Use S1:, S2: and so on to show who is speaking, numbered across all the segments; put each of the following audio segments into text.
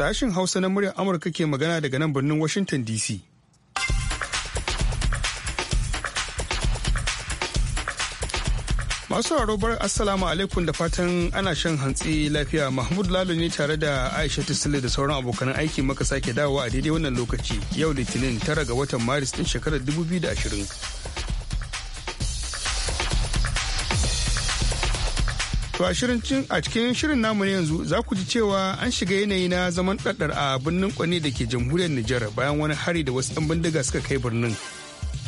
S1: Sashin Hausa na muryar Amurka ke magana daga nan birnin Washington DC. Masu bar Assalamu alaikum da fatan ana shan hantsi lafiya Mahmud Lalo ne tare da Aisha Tisle da sauran abokan aiki maka sake dawowa a daidai wannan lokaci yau Litinin tara ga watan Maris din shekarar 2020. To a cikin shirin namu ne yanzu za ku ji cewa an shiga yanayi na zaman ɗaɗɗar a birnin kwani da ke jamhuriyar Nijar bayan wani hari da wasu 'yan bindiga suka kai birnin.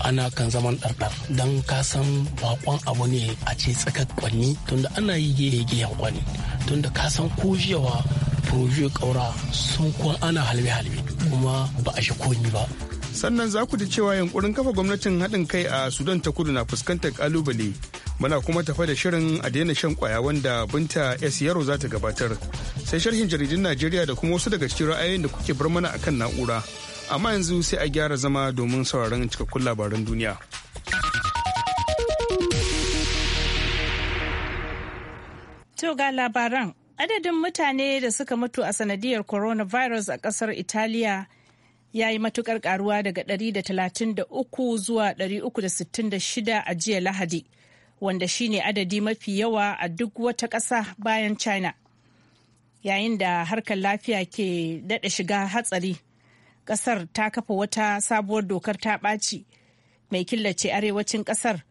S2: ana kan zaman ɗarɗar don ka san bakon abu ne a ce tsakar kwanni tunda ana yi gehe kwanni tunda ka san ko jiyawa furojiyo ƙaura sun kuwa ana halbe-halbe kuma ba a shi komi ba
S1: sannan za ku ji cewa yankurin kafa gwamnatin haɗin kai a sudan ta kudu na fuskantar kalubale muna kuma tafa da shirin a daina shan kwaya wanda binta s yaro za ta gabatar sai sharhin jaridun najeriya da kuma wasu daga cikin ra'ayoyin da kuke bar mana akan na'ura amma yanzu sai a gyara zama domin sauraron cikakkun labaran duniya
S3: to ga labaran adadin mutane da suka mutu a sanadiyar coronavirus a kasar italiya ya yi matukar karuwa daga 133 zuwa 366 a jiya lahadi wanda shine adadi mafi yawa a duk wata ƙasa bayan china yayin da harkar lafiya ke daɗa shiga hatsari ƙasar ta kafa wata sabuwar dokar ta ɓaci mai killace arewacin ƙasar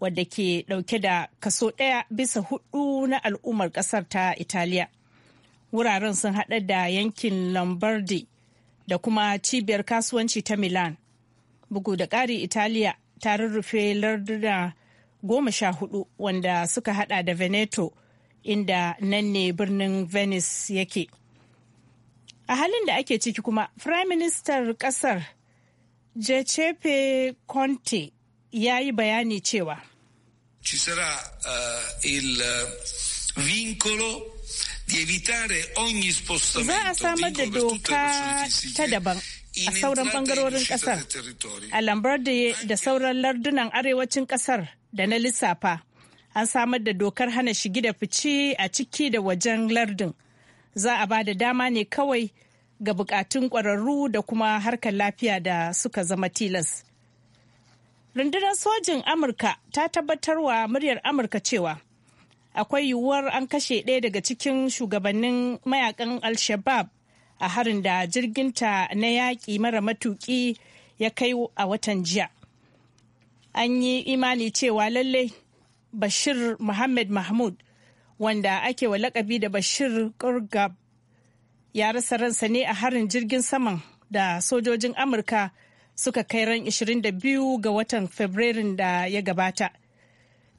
S3: wadda ke ɗauke da kaso ɗaya bisa hudu na al'ummar ƙasar ta italiya wuraren sun haɗa da yankin lombardi da kuma cibiyar kasuwanci ta milan bugu da ƙari italiya ta rurrufe lardunan goma sha hudu wanda suka hada da veneto inda nan ne birnin venice yake a halin da ake ciki kuma prime minister kasar giuseppe conte ya yi bayani cewa
S1: ci sarà eh,
S4: il eh, vincolo di evitare ogni spostamento za a samar da doka
S3: ta daban a sauran e bangarorin kasar a lambar da sauran lardunan arewacin kasar da na lissafa an samar da dokar hana shigi da fice a ciki da wajen lardin za a ba da dama ne kawai ga bukatun kwararru da kuma harkar lafiya da suka zama tilas rundunar sojin amurka ta tabbatar wa muryar amurka cewa akwai yiwuwar an kashe ɗaya daga cikin shugabannin mayakan al-shabab a harin da jirginta na yaƙi mara matuƙi ya kai a watan jiya an yi imani cewa lalle bashir muhammad mahmud wanda ake wa lakabi da bashir kurgab ya rasa ransa ne a harin jirgin saman da sojojin amurka suka kai ran 22 ga watan fabrairun da ya gabata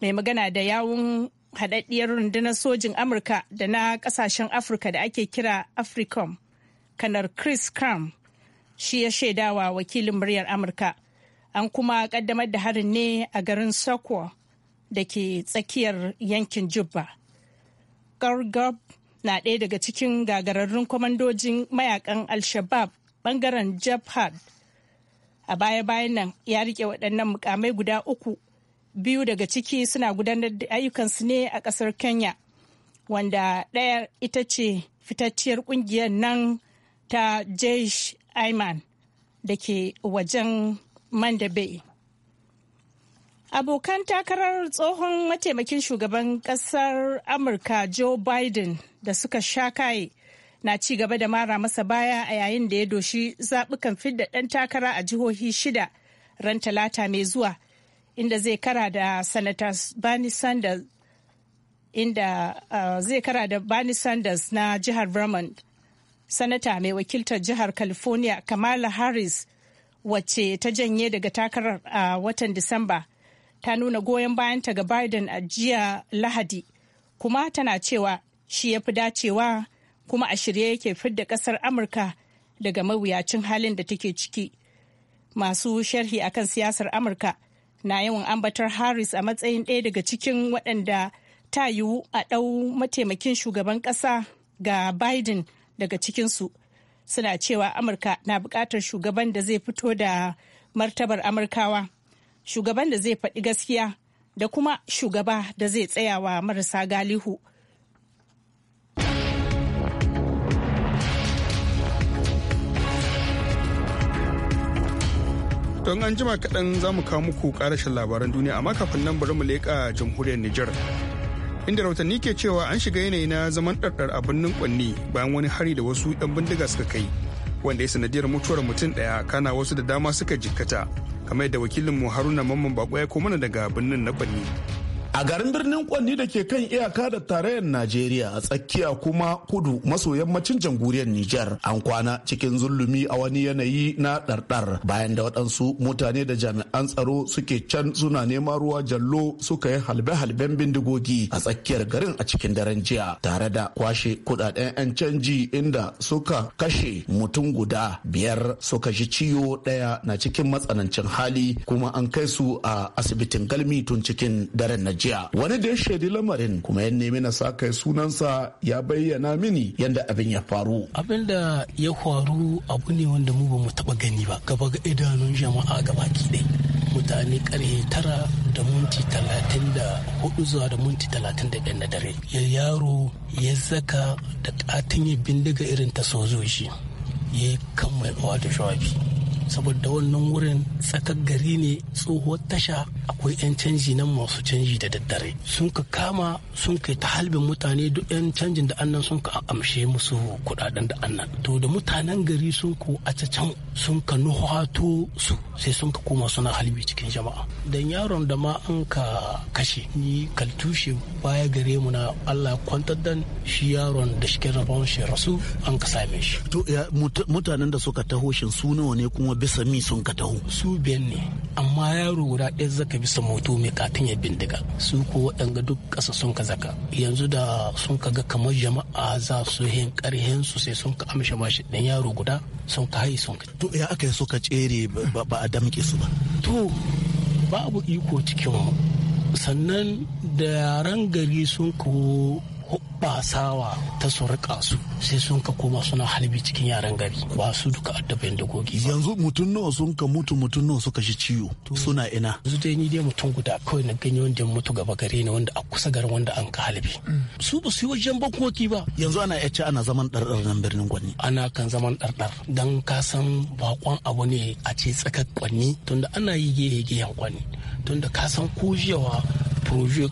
S3: mai magana da yawun haɗaɗɗiyar rundunar sojin amurka da na ƙasashen afirka da ake kira africom kanar chris cram shi ya shaidawa wakilin muryar amurka an kuma kaddamar da harin ne a garin Sokwa da ke tsakiyar yankin Jubba. Gargab na ɗaya daga cikin gagararrun kwamandojin mayakan al bangaren Jabhat. A baya-bayan nan ya rike waɗannan mukamai guda uku, biyu daga ciki suna gudanar da ayyukansu ne a ƙasar Kenya, wanda ɗaya ita ce fitacciyar ƙungiyar nan ta Jaish Ayman da ke wajen bai. Abokan takarar tsohon mataimakin shugaban kasar Amurka Joe Biden da suka sha kaye na ci gaba da mara masa baya a yayin da ya doshi zaɓukan fidda ɗan takara a jihohi shida ran talata mai zuwa inda zai kara da Sanata Bernie Sanders inda uh, zai kara da Bernie Sanders na jihar Vermont. Sanata mai wakiltar jihar California Kamala Harris wacce ta janye daga takarar a watan Disamba ta nuna goyon bayanta ga Biden a jiya Lahadi kuma tana cewa shi ya fi dacewa kuma a shirye yake fidda kasar Amurka daga mawuyacin halin da take ciki. Masu sharhi akan siyasar Amurka na yawan ambatar Harris a matsayin ɗaya daga cikin waɗanda ta yiwu a ɗau mataimakin shugaban ƙasa ga Biden daga cikinsu. suna cewa amurka na buƙatar shugaban da zai fito da martabar amurkawa shugaban da zai faɗi gaskiya da kuma shugaba da zai tsayawa marasa galihu
S1: don an jima kaɗan za mu kawo muku ƙarashin labaran duniya amma kafin nan bari mu leƙa jamhuriyar Nijar. inda rahotanni ke cewa an shiga yanayi na zaman ɗarɗar a birnin kwanni bayan wani hari da wasu 'yan bindiga suka kai wanda ya sanadiyar mutuwar mutum ɗaya kana wasu da dama suka jikkata kamar yadda wakilinmu haruna mamman bako ya mana daga birnin na kwanni
S5: a garin birnin kwanni da ke kan iyaka da tarayyar najeriya a tsakiya kuma kudu maso yammacin jamhuriyar nijar an kwana cikin zulumi a wani yanayi na ɗarɗar bayan da waɗansu mutane da jami'an tsaro suke can suna neman ruwa jallo suka yi halbe-halben bindigogi a tsakiyar garin a cikin daren jiya tare da kwashe kudaden 'yan canji inda suka kashe mutum guda biyar suka ji ciwo ɗaya na cikin matsanancin hali kuma an kai su a asibitin galmi tun cikin daren na jiya wani da ya shaidi lamarin kuma ya nemi na sa kai sunansa ya bayyana mini yadda abin ya faru
S2: abin da ya faru abu ne wanda mu ba mu taba gani ba gaba ga idanun jama'a gaba ki mutane kare tara da minti talatin da hudu zuwa da minti talatin da na dare ya yaro ya zaka da katin bindiga irin ta sojoji ya kan da jawabi saboda wannan wurin tsakar gari ne tsohuwar tasha akwai 'yan canji nan masu canji da daddare sun ka kama sun kai ta halbin mutane duk 'yan canjin da annan sun ka amshe musu kudaden da annan to da mutanen gari sun ko a can sun ka nuhato su sai sun ka koma suna halbi cikin jama'a dan yaron da ma an ka kashe ni kaltushe baya gare mu na Allah kwantar dan shi yaron da shi rabon shi rasu an ka same shi
S5: to mutanen da suka taho shin su nawa ne kuma bisa mi
S2: sun ka taho su biyan ne amma yaro guda ɗaya zaka bisa moto mai katin ya bindiga su ko waɗanga duk ƙasa sun ka zaka yanzu da sun ka ga kamar jama'a za su hin ƙarhin su sai sun ka amshe mashi ɗan yaro guda sun ka hai sun ka
S5: to ya aka yi ka tsere ba a damke su ba
S2: to babu iko cikin mu sannan da yaran gari sun ko hubbasawa ta su rika su sai sun ka koma suna halbi cikin yaran gari ba su duka da dagogi ba yanzu mutum nawa sun ka mutu mutum nawa suka shi ciwo suna ina yanzu dai ni dai mutum guda kawai na ganye wanda mutu gaba gare ni wanda a kusa garin wanda an ka halbi mm. su ba su yi wajen bankoki ba yanzu ana yace ana zaman dardar nan birnin gwanni ana kan zaman dardar. dan ka san bakon abu ne a ce tsakar kwanni tunda ana yi gehe yan kwanni tunda ka san ko jiyawa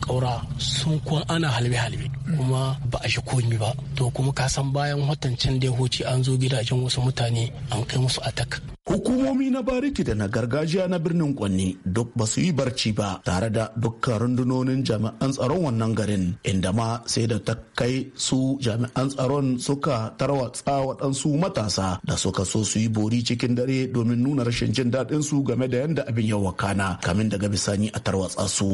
S2: kaura sun kwan ana halbe halbe kuma ba a shi komi ba to kuma ka san bayan watan can da ya an zo gidajen wasu mutane an kai musu atak
S5: hukumomi na bariki da na gargajiya na birnin kwanni duk ba su yi barci ba tare da dukkan rundunonin jami'an tsaron wannan garin inda ma sai da ta kai su jami'an tsaron suka tarwatsa waɗansu matasa da suka so su yi bori cikin dare domin nuna rashin jin daɗin su game da yadda abin ya wakana kamin daga bisani a tarwatsa su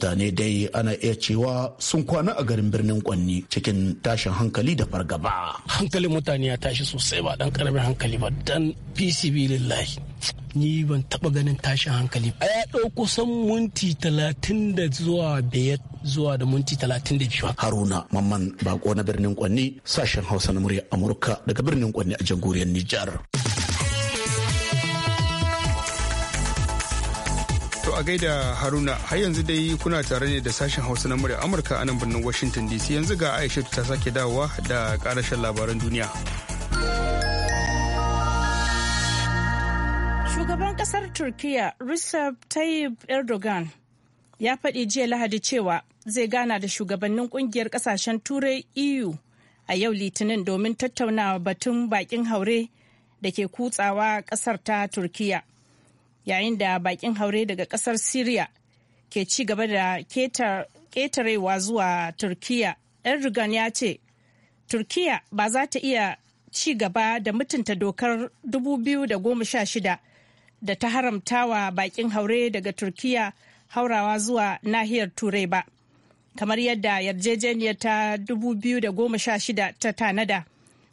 S5: mutane dai ana iya cewa sun kwana a garin birnin kwanni cikin tashin hankali da fargaba
S2: hankalin mutane ya tashi sosai ba dan karamin hankali ba dan pcb lillahi ni ban taba ganin tashin hankali a ya ɗau kusan minti talatin da zuwa biyar zuwa da minti talatin da biyu haruna
S5: mamman bako na birnin kwanni sashen hausa na murya amurka daga
S1: birnin kwanni a jamhuriyar nijar a gaida Haruna har yanzu dai kuna tare ne da sashen Hausa na murya Amurka a nan birnin Washington DC yanzu ga Aisha ta sake dawowa da karashen labaran duniya.
S3: Shugaban kasar Turkiyya Recep Tayyip Erdogan ya faɗi jiya Lahadi cewa zai gana da shugabannin kungiyar kasashen Turai EU a yau Litinin domin tattaunawa batun bakin haure da ke kutsawa kasar ta Turkiyya. yayin da bakin haure daga kasar syria ke ci gaba da ketarewa zuwa turkiya erdogan ya ce turkiya ba za ta iya ci gaba da mutunta dokar 2016 da ta haramtawa bakin haure daga turkiya haurawa zuwa nahiyar turai ba kamar yadda yarjejeniyar ta 2016 ta tanada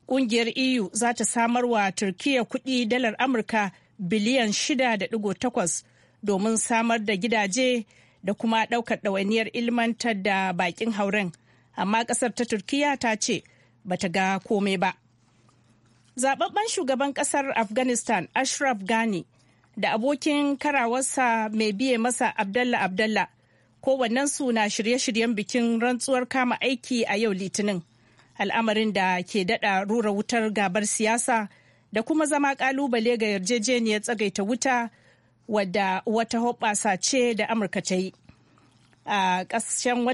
S3: kungiyar eu za ta samar wa turkiya kudi dalar amurka biliyan 6.8 domin samar da gidaje da kuma ɗaukar ɗawainiyar ilmantar da bakin hauren amma ƙasar ta turkiya ta ce bata ga komai ba zababben shugaban ƙasar afghanistan ashraf ghani da abokin karawarsa mai biye masa abdallah abdallah kowannensu na shirye-shiryen bikin rantsuwar kama aiki a yau litinin al'amarin da ke daɗa rura wutar gabar siyasa da kuma zama kalubale ga yarjejeniyar tsagaita wuta wadda wata hoɓasa ce da amurka ta yi a ƙasashen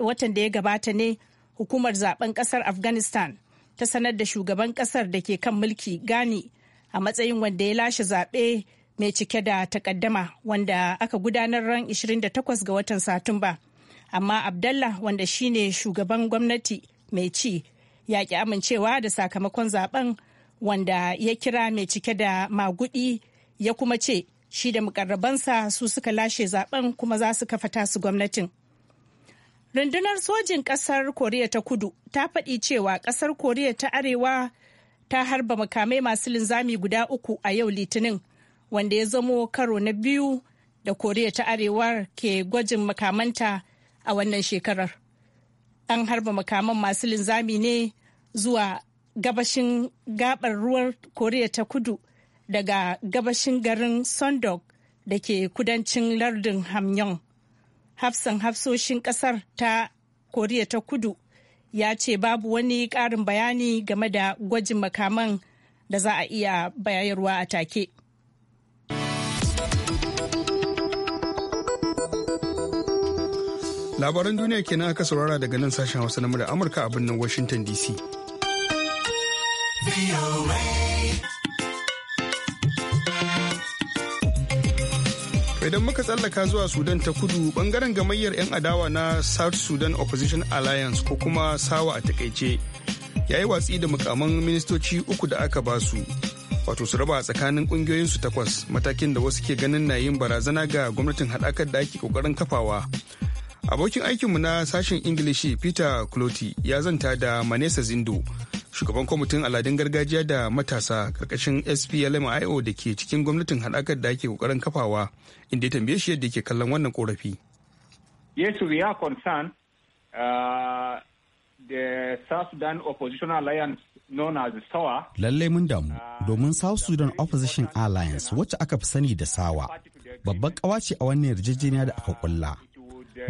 S3: watan da ya gabata ne hukumar zaben ƙasar afghanistan ta sanar da shugaban ƙasar da ke kan mulki gani a matsayin wanda ya lashe zaɓe mai cike da takaddama wanda aka gudanar ran 28 ga watan satumba amma abdallah wanda shine shugaban gwamnati mai ci ya ki amincewa da sakamakon zaben wanda ya kira mai cike da magudi ya kuma ce shi da mukarrabansa su suka lashe zaben kuma za su kafa tasu gwamnatin. Rundunar sojin ƙasar Koriya ta kudu ta faɗi cewa ƙasar Koriya ta arewa ta harba makamai masu linzami guda uku a yau litinin wanda ya zamo karo na biyu da Koriya ta arewar ke gwajin makamanta a wannan shekarar. An harba makaman masu linzami ne zuwa gabashin gabar ruwan koriya ta kudu daga gabashin garin sondok da ke kudancin lardin hamyon hafsan hafsoshin kasar ta koriya ta kudu ya ce babu wani ƙarin bayani game da gwajin makaman da za a iya bayarwa a take.
S1: Labaran duniya kenan aka saurara daga nan sashen Hausa na Amurka a birnin Washington DC. idan muka tsallaka zuwa sudan ta kudu bangaren gamayyar 'yan adawa na south sudan opposition alliance ko kuma sawa a takaice ya yi watsi da mukaman ministoci uku da aka ba su wato su raba tsakanin kungiyoyinsu takwas matakin da wasu ke ganin na yin barazana ga gwamnatin haɗakar da ake ƙoƙarin kafawa abokin aikinmu na sashen ingilishi peter cloti ya zanta da manesa zindo shugaban kwamitin aladun gargajiya da matasa karkashin splmio da ke cikin gwamnatin haɗakar da ake kokarin kafawa inda ya tambaye shi yadda ke kallon wannan korafi yes we are concerned uh, the south sudan opposition alliance known as sawa
S5: lalle mun damu uh, domin south sudan opposition alliance wacce aka fi sani da sawa babban ce a wannan yarjejeniya da aka kulla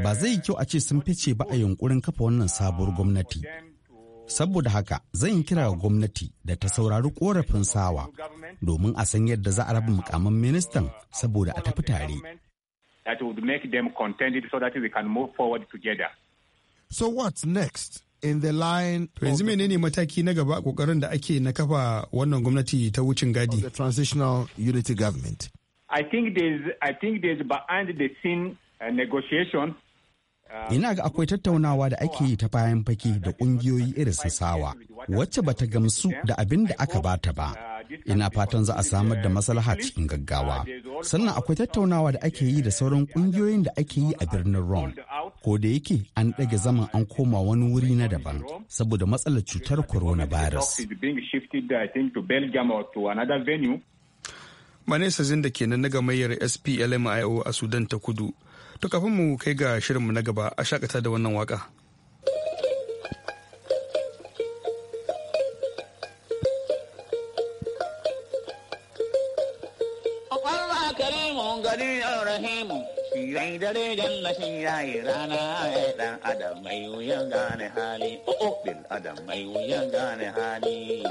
S5: ba zai yi kyau a ce sun fice ba a yunkurin kafa wannan sabuwar gwamnati saboda haka zan yi kira ga gwamnati da ta saurari korafin sawa domin a san yadda za a raba mukamin ministan saboda
S1: a tafi tare so what's next in the line to yanzu menene mataki na gaba kokarin da ake na kafa wannan gwamnati ta wucin gadi the transitional unity government i think there's think there's behind the scene uh, negotiations. ina ga akwai
S5: tattaunawa da ake yi ta bayan faki da ƙungiyoyi irin su sawa wacce bata gamsu da abin da aka bata ba ina fatan za a samar da maslaha cikin gaggawa sannan akwai tattaunawa da ake yi da sauran ƙungiyoyin da ake yi a birnin rome ko da yake an ɗage zaman an koma wani wuri na daban saboda matsalar cutar coronavirus
S1: Manesa Zinda kenan na gamayyar SPLMIO a Sudan ta kudu To kafin mu kai ga shirinmu na gaba a shakata da wannan waka.
S5: gari ya rahimu shirai dare janna shi yayi rana ya dan adam mai wuyan gane hali oh, oh, bil adam mai wuyan gane hali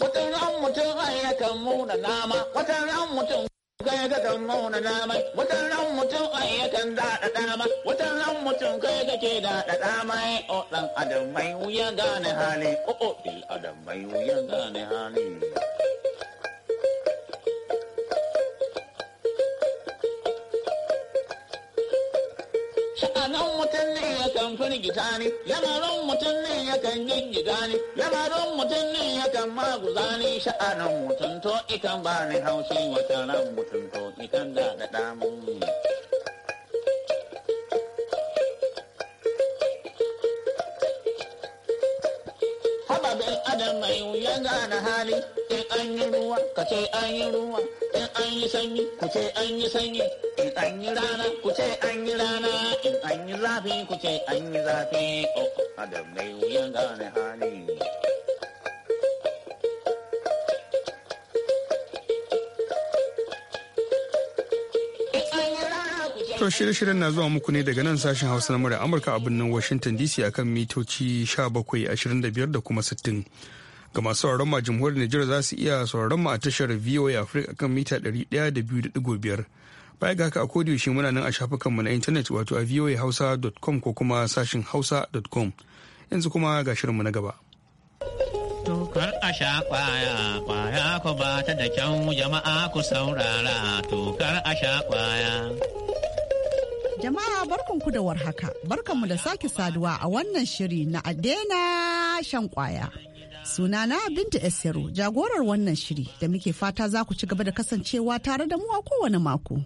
S5: wata ran mutum ai yakan muna nama wata ran mutum kai ga kan dama wutan ran mutum ai yakan daɗa dama watan ran mutum kai ke daɗa dama o dan adam mai wuya gane hali o o bil adam mai wuya gane hali yakan gita ne lamarin mutum ne yin gida ne lamarin mutum ne yakan maguza ne sha'anin mutum to ikan ba ni haushi
S6: wata ran mutum to ikan da da damun
S5: mai wuya gane hali in an yi ruwa ka ce an yi ruwa in an yi sanyi ku ce an yi sanyi in an yi rana ku ce an yi rana in an yi zafi ku ce an yi zafi oh, oh adam mai wuya gane hali
S1: To shirye-shiryen na zuwa muku ne daga nan sashen Hausa na murya Amurka a birnin Washington DC akan mitoci 1725 da kuma 60. Ga masu sauraron ma jamhuriyar Nijar za su iya sauraron ma a tashar VOA Africa akan mita 102.5. Baya ga haka a yaushe muna nan a mu na intanet wato a voahausa.com ko kuma sashen hausa.com. Yanzu kuma ga shirinmu na gaba.
S2: Tukar a sha kwaya, kwaya ku ba ta da kyau jama'a ku
S7: saurara, tukar a sha kwaya. Jama'a ku da warhaka, barkanmu da sake saduwa a wannan shiri na adena shan kwaya. Sunana Binta esero jagorar wannan shiri da muke fata za ku ci gaba da kasancewa tare da mu a kowane mako.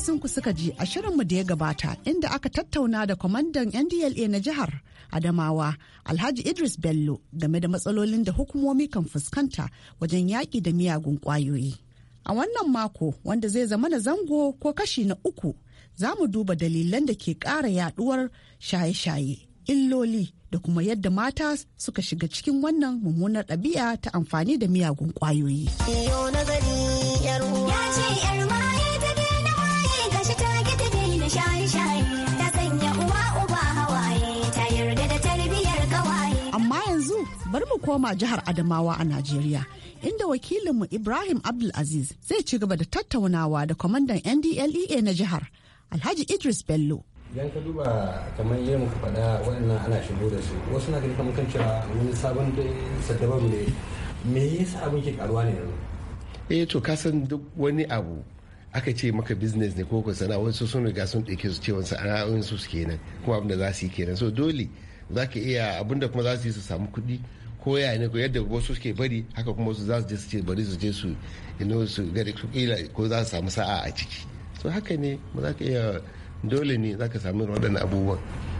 S7: sun ku suka ji a shirin mu da ya gabata inda aka tattauna da kwamandan NDLA na jihar Adamawa Alhaji Idris Bello game da matsalolin da hukumomi kan fuskanta wajen yaƙi da miyagun ƙwayoyi. A wannan mako wanda zai zama na zango ko kashi na uku za mu duba dalilan da ke ƙara yaɗuwar shaye-shaye, illoli da kuma yadda mata suka shiga cikin wannan mummunar ɗabi'a ta amfani da miyagun ƙwayoyi.
S8: Yau na 'yar
S2: uwa.
S7: bari mu koma jihar Adamawa a Najeriya. Inda wakilinmu Ibrahim Abdulaziz zai ci gaba da tattaunawa da kwamandan NDLEA na jihar Alhaji Idris Bello.
S9: Idan ka duba kamar yin muka faɗa waɗannan ana shigo da su wasu na gani kamar kan cewa wani sabon da saddaban ne me yasa abin ke karuwa ne yanzu.
S4: Eh to ka san duk wani abu aka ce maka business ne ko ko sana'a wasu sun riga sun ɗauke su cewa sana'o'in su kenan kuma abin da za su yi kenan so dole za ka iya abinda kuma za su yi su samu kuɗi ko ya ne ko yadda wasu suke bari haka kuma wasu za su je su ce bari su je su ino su gari su kila ko za su samu sa'a a ciki so haka ne ba za ka iya dole ne za ka samu waɗannan abubuwan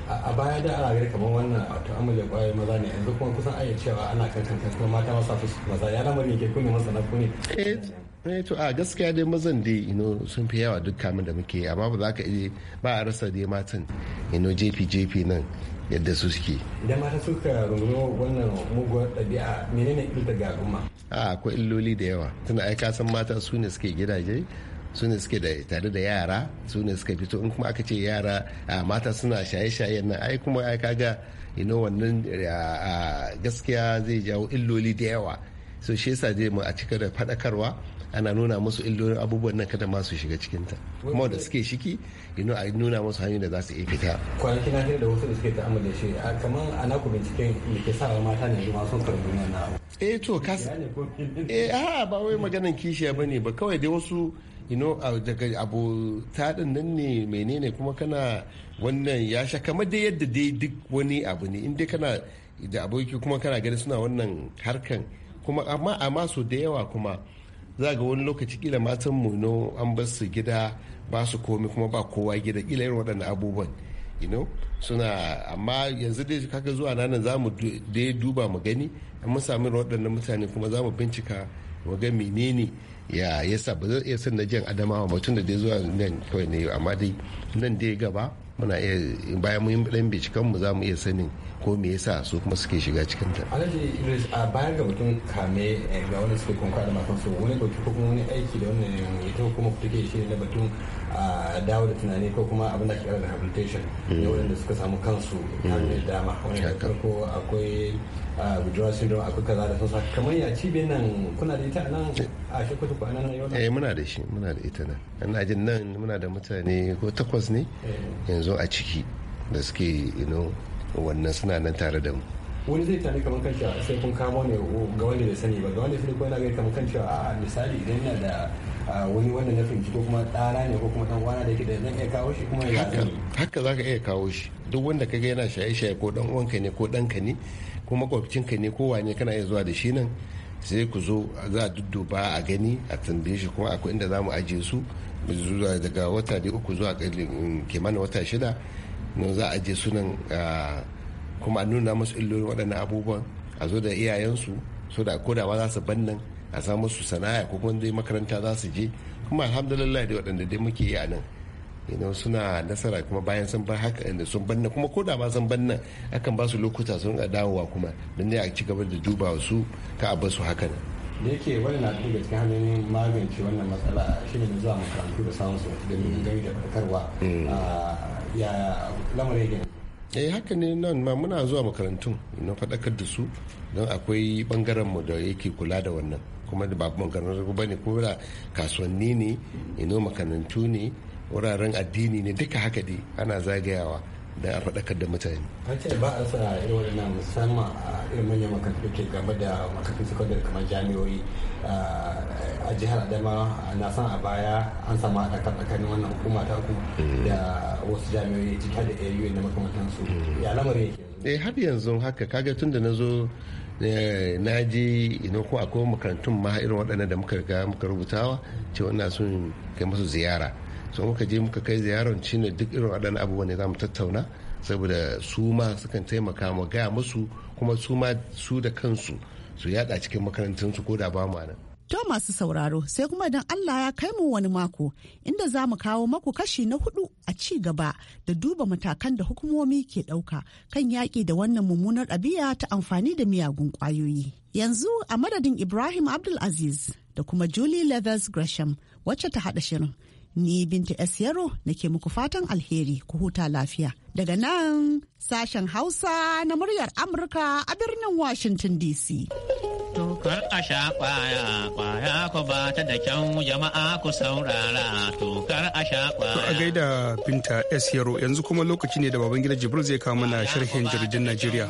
S9: a baya da ana gari kamar wannan wato amalin kwayoyi maza ne yanzu kuma kusan ayyar cewa ana kan kankan mata masa su maza ya ne ke kunne masana ku ne eh, eh to a
S4: gaskiya dai mazan dai ino sun fi yawa duk kamun da muke amma ba za ka iya ba a rasa dai matan ino jefi jefi nan yadda su suke
S9: idan mata suka rungumi wannan muguwar ɗabi'a menene ita ga al'umma
S4: a akwai illoli da yawa Tuna ai ka san mata su ne suke gidaje su ne suke tare da yara su ne suka fito in kuma aka ce yara mata suna shaye-shaye nan ai kuma ai ga ino wannan gaskiya zai jawo illoli da yawa so shi yasa dai mu a cika da faɗakarwa ana nuna musu illolin abubuwan nan kada masu shiga cikin ta kuma da suke shiki ino a nuna musu hanyoyin da za su iya fita
S9: kwanaki na da wasu da suke ta'amala shi kamar ana ku binciken me ke sa mata ne ma sun karbi wannan abu
S4: eh to kas eh a ba wai maganan kishiya bane ba kawai dai wasu ino daga abu taɗin nan ne menene kuma kana wannan ya sha kamar dai yadda dai duk wani abu ne inda kana da aboki kuma kana gani suna wannan harkan kuma amma amma so da yawa kuma za ga wani lokaci kila matan mu an bar su gida ba su komi kuma ba kowa gida kila irin waɗannan abubuwan you know suna amma yanzu dai kaga zuwa nan za mu dai duba mu gani mun sami waɗannan mutane kuma za mu bincika mu ga menene ya yasa ba zan iya san na jan adamawa mutum tun da dai zuwa nan kawai ne amma dai nan dai gaba muna iya bayan mun dan binciken mu za mu iya sanin ko me yasa su kuma suke shiga cikin ta
S9: alhaji idris a bayan ga mutum kame eh, ga wanda suke kunkwa da matan su wani dauki ko kuma wani aiki da wani wannan ita kuma kuke shi na batun a dawo da tunani ko kuma abin da ke kira rehabilitation mm. ne waɗanda suka samu kansu mm. hannun dama wani da farko akwai gujewa syndrome akwai kaza da sosa kamar ya cibiyar nan kuna da ita nan eh. a shekwata ku nan yau eh muna da
S4: shi muna da ita nan ina jin nan muna da mutane ko takwas ne eh. yanzu a ciki da suke wannan suna nan tare da mu
S9: wani zai tare kamar kan sai kun kamo ne ga wanda da sani ba ga wanda sai kuma yana ga kamar kan cewa a misali idan yana da wani wanda na fahimci ko kuma tsara ne ko kuma ɗan da yake da zan iya kawo shi kuma ya
S4: haka za ka iya kawo shi duk wanda kaga yana shaye-shaye ko dan uwanka ne ko ɗanka ne ko makwabcinka ne ko wane kana iya zuwa da shi nan sai ku zo za a dudduba a gani a tambaye shi kuma akwai inda za mu ajiye su daga wata da uku zuwa mm, kimanin wata shida nan za a je sunan kuma a nuna masu illolin waɗannan abubuwan a zo da iyayensu so da koda za su ban nan a samu su sana'a ko kuma dai makaranta za su je kuma alhamdulillah dai waɗanda dai muke yi a nan idan suna nasara kuma bayan sun bar haka inda sun banna kuma ko da ma sun banna akan ba su lokuta sun ga dawowa kuma don ne a ci gaba da duba su ka a basu haka nan
S9: da yake wani na da cikin hanyoyin magance wannan matsala shi ne zuwa makarantu da samun su da gari da farkarwa mm. ah, ya lamarin yake
S4: eh haka ne nan ma muna zuwa makarantun na faɗakar da su don akwai ɓangaren mu da yake kula da wannan kuma da babu garin ba ne ko da kasuwanni ne ino eh, makarantu ne wuraren addini ne duka haka dai ana zagayawa da a faɗakar da mutane.
S9: An ce ba a sa irin na musamman a irin manyan makarantu ke game da makarantun sakandare kamar jami'o'i a jihar Adama na san a baya an samu haɗaka tsakanin wannan hukuma ta ku mm. da wasu jami'o'i ciki da AU da makamantansu mm. ya lamarin yake.
S4: Eh har yanzu haka kaga tun da na zo Eh, na je ina ko akwai makarantun ma irin waɗanda da muka ga muka rubutawa cewa ina son kai masu ziyara so muka je muka kai ziyarar ne duk irin waɗanda abubuwan ne za mu tattauna saboda su ma sukan taimaka mu gaya musu kuma su ma su da kansu su yada cikin makarantunsu ko da ba mu nan
S7: To masu sauraro sai kuma don Allah ya kai mu wani mako inda za mu kawo maku kashi na hudu a ci gaba da duba matakan da hukumomi ke ɗauka kan yaƙi da wannan mummunar ɗabi'a ta amfani da miyagun ƙwayoyi. Yanzu a madadin Ibrahim Abdulaziz da kuma Julie Leathers Gresham wacce ta haɗa shirin. Ni Binta S. Yaro nake muku fatan alheri ku huta lafiya. Daga nan sashen Hausa na muryar Amurka a birnin Washington DC.
S2: Kar a sha kwaya, kwaya ku ba ta da kyau jama'a ku saurara to kar a sha kwaya. To
S1: a gaida Binta S Yaro yanzu kuma lokaci ne da Babangida Jibril zai kawo mana sharhin jirgin Najeriya.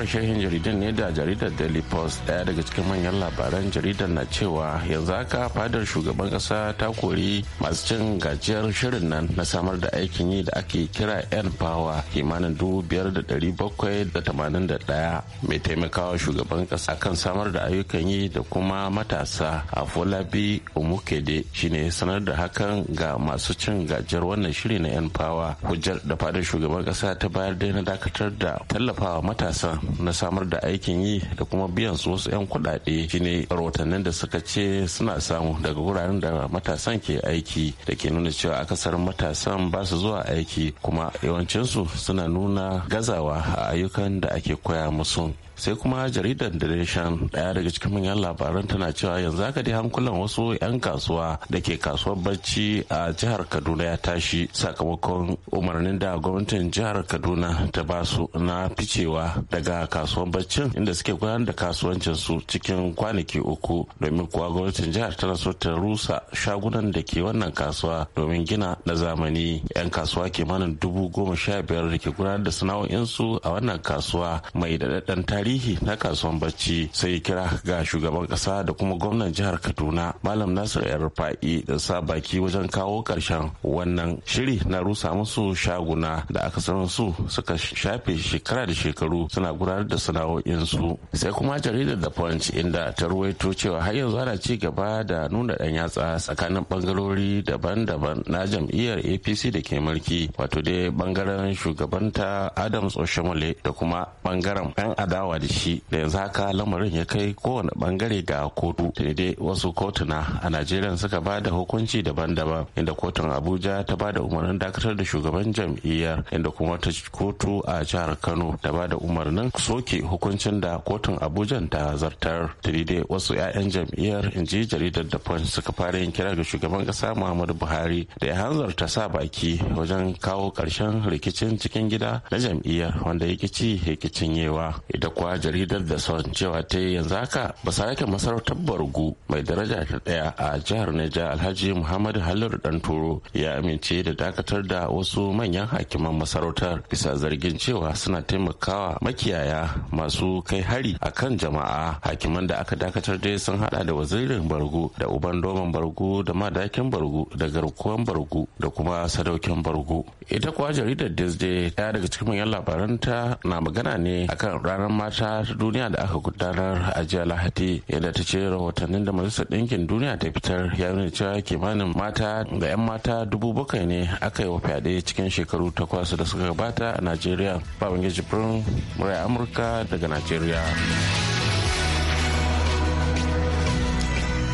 S6: fara shehin jaridan ne da jaridar daily post daya daga cikin manyan labaran jaridar na cewa yanzu haka fadar shugaban kasa ta kori masu cin gajiyar shirin nan na samar da aikin yi da ake kira yan power kimanin dubu biyar da dari bakwai da tamanin da daya mai taimakawa shugaban kasa akan samar da ayyukan yi da kuma matasa a folabi umukede shine sanar da hakan ga masu cin gajiyar wannan shiri na yan power hujjar da fadar shugaban kasa ta bayar da na dakatar da tallafawa matasa na samar da aikin yi da kuma biyan su wasu 'yan kudade shine rahotannin da suka ce suna samu daga wuraren da matasan ke aiki da ke nuna cewa akasarin matasan ba su zuwa aiki kuma yawancinsu suna nuna gazawa a ayyukan da ake koya musu sai kuma jaridar da nation daya daga cikin manyan labaran tana cewa yanzu haka dai hankulan wasu 'yan kasuwa da ke kasuwar bacci a jihar kaduna ya tashi sakamakon umarnin da gwamnatin jihar kaduna ta basu na ficewa daga kasuwar baccin inda suke gudanar da kasuwancin su cikin kwanaki uku domin kuwa gwamnatin jihar tana so ta rusa shagunan da ke wannan kasuwa domin gina na zamani 'yan kasuwa kimanin dubu goma sha biyar da ke gudanar da sana'o'insu a wannan kasuwa mai daɗaɗɗen tarihi tarihi na kasuwan bacci sai kira ga shugaban kasa da kuma gwamnan jihar kaduna malam nasir fa'i da sa baki wajen kawo karshen wannan shiri na rusa musu shaguna da aka san su suka shafe shekara da shekaru suna gudanar da sana'o'insu sai kuma jaridar da punch inda ta ruwaito cewa har yanzu ana ci gaba da nuna dan yatsa tsakanin bangarori daban-daban na jam'iyyar apc da ke mulki wato dai bangaren shugabanta adams oshomole da kuma bangaren yan adawa da shi da yanzu haka lamarin ya kai kowane bangare ga kotu daidai wasu kotuna a najeriya suka ba da hukunci daban-daban inda kotun abuja ta ba da umarnin dakatar da shugaban jam'iyyar inda kuma ta kotu a jihar kano ta ba da umarnin soke hukuncin da kotun abuja ta zartar daidai wasu 'ya'yan jam'iyyar in ji jaridar da suka fara yin kira ga shugaban kasa muhammadu buhari da ya hanzarta sa baki wajen kawo karshen rikicin cikin gida na jam'iyyar wanda ya ci ya cinyewa ita kuwa cewa jaridar da son cewa ta yanzu haka ba basaraken masarautar bargu mai daraja ta daya a jihar neja alhaji muhammadu halilu dan turo ya amince da dakatar da wasu manyan hakiman masarautar bisa zargin cewa suna taimakawa makiyaya masu kai hari a kan jama'a hakiman da aka dakatar dai sun hada da wazirin bargu da uban doman bargu da madakin bargu da garkuwan bargu da kuma sadaukin bargu ita kuwa jaridar disney daya daga cikin manyan labaranta na magana ne akan ranar ta duniya da aka gudanar a jiya lahadi yadda ta ce rahotannin da majalisar ɗinkin duniya ta fitar ya nuna cewa kimanin mata ga 'yan mata dubu bakwai ne aka yi wa fyaɗe cikin shekaru takwas da suka gabata a najeriya babangeji firin murai
S1: amurka daga najeriya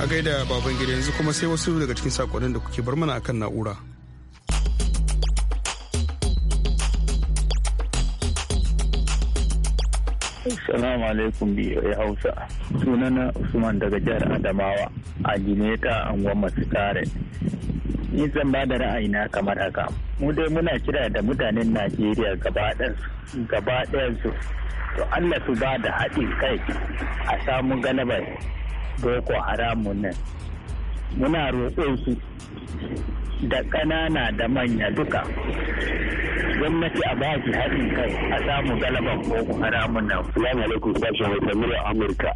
S1: a gaida baban gida yanzu kuma sai wasu daga cikin sakonnin da kuke bar mana akan na'ura
S8: Salamu alaikum ya Hausa. Sunana Usman daga jihar Adamawa a Jimeta anguwar masu kare. Ni zan ba da ra'ayina kamar haka. Mu dai muna kira da mutanen Najeriya gaba ɗaya su. To Allah su ba da haɗin kai a samu ganabar Boko Haramun nan. Muna roƙon su da ƙanana da manya duka gwamnati a ba shi haɗin kai a samu galaban boko haramun nan. Salamu alaikum sashen wata mura Amurka.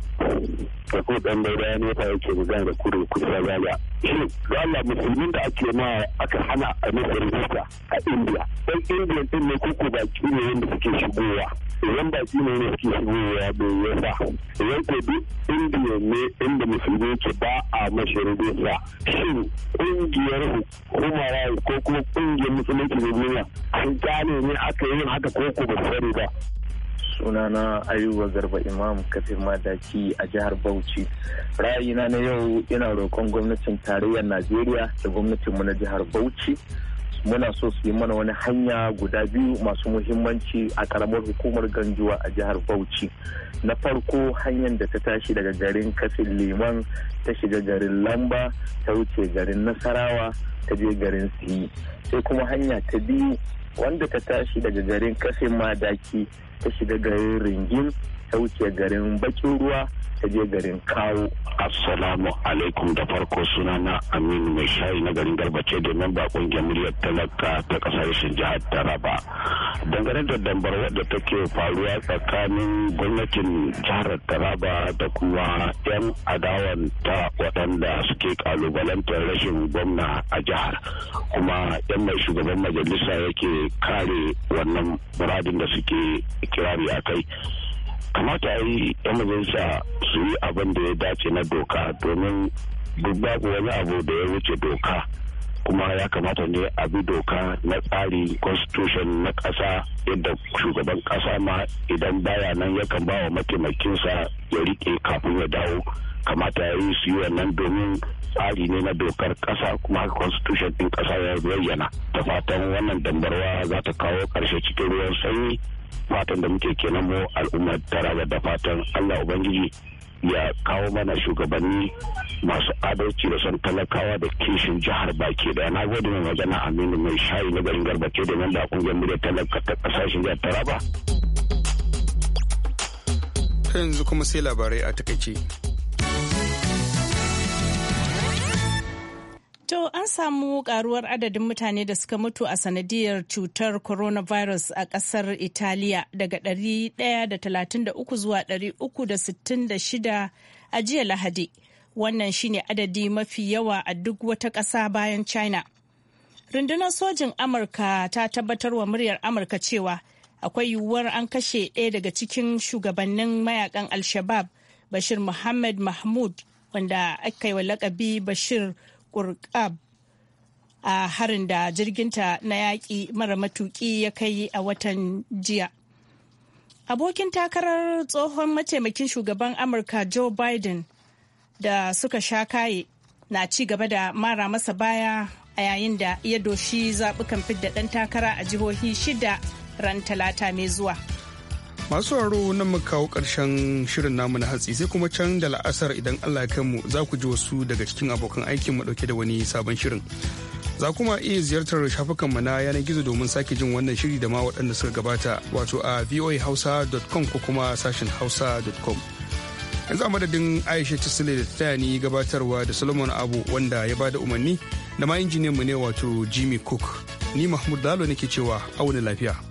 S8: Da ko ɗan bai bayan wata yake magana da kudu kusa zaga. gaba ga Allah musulmin da ake ma aka hana a masa rusa a indiya. Ɗan Indiyan ɗin ne koko baki ne wanda suke shigowa. Idan baki ne wanda suke shigowa bai yasa. Idan ko duk Indiyan ne inda musulmi ke ba a mashi rijista. Shin ƙungiyar human ko kuma kungiyar musulunci na duniya sun gane ne aka yi haka ko ko ba su sani ba sunana ayuba garba imam kafin madaki a jihar bauchi ra'ayina na yau ina roƙon gwamnatin tarayyar najeriya da gwamnatinmu na jihar bauchi muna so su yi mana wani hanya guda biyu masu muhimmanci a karamar hukumar ganjuwa a jihar bauchi na farko hanyar da ta tashi daga garin kasin liman ta shiga garin lamba ta wuce garin nasarawa ta je garin siyi sai kuma hanya ta biyu wanda ta tashi daga garin kasin madaki ta shiga garin ringin ta wuce garin bakin ruwa ta je garin kawo assalamu alaikum da farko suna na aminu mai shayi na garin garbace nan ba kungiyar muryar talaka ta kasar shin jihar taraba dangane da dambar wadda take faruwa tsakanin gwamnatin jihar taraba da kuma yan adawan ta waɗanda suke kalubalantar rashin gwamna a jihar kuma yan mai shugaban majalisa yake kare wannan muradin da suke kirari a kai kamata a yi 'yan majalisa su yi abin da ya dace na doka domin duk wani abu da ya wuce doka kuma ya kamata ne a bi doka na tsari constitution na ƙasa yadda shugaban ƙasa ma idan baya nan yakan ba wa mataimakinsa ya riƙe kafin ya dawo kamata ya yi su yi wannan domin tsari ne na dokar ƙasa kuma haka constitution ɗin ƙasa ya bayyana ta fatan wannan dambarwa za ta kawo ƙarshe cikin ruwan sanyi fatan da muke kenan mu al'ummar taraba da fatan allah ubangiji ya kawo mana shugabanni masu adalci da son talakawa da kishin jihar baki da na gode mai magana aminu mai shayi na garin garba ke da nan da kungiyar mu da talaka ta kasashen jihar taraba
S1: yanzu kuma sai labarai a takaice
S3: To an samu karuwar adadin mutane da suka mutu a sanadiyar cutar coronavirus a kasar Italiya daga 133 zuwa 366 a jiya Lahadi. Wannan shi ne adadi mafi yawa a duk wata ƙasa bayan China. Rundunar sojin Amurka ta tabbatar wa muryar Amurka cewa akwai yiwuwar an kashe ɗaya daga cikin shugabannin mayakan Al-Shabab, Bashir Muhammad Mahmud, wanda aka yi wa lakabi Bashir kurkab a harin da jirginta na yaƙi mara matuƙi ya kai a watan jiya. Abokin takarar tsohon mataimakin shugaban Amurka Joe Biden da suka sha kaye na ci gaba da mara masa baya a yayin da ya doshi zaɓukan fidda ɗan takara a jihohi shida ran talata mai zuwa.
S1: masu sauraro nan mu kawo ƙarshen shirin namu na hatsi sai kuma can da la'asar idan Allah ya mu za ku ji wasu daga cikin abokan aikin mu dauke da wani sabon shirin. Za kuma iya ziyartar shafukanmu na yanar gizo domin sake jin wannan shiri da ma waɗanda suka gabata wato a voahausa.com ko kuma sashen hausa.com. Yanzu a madadin Aisha Tisile da ta ni gabatarwa da Solomon Abu wanda ya bada umarni da ma injiniyan mu ne wato Jimmy Cook. Ni Mahmud Dalo nake cewa auna lafiya.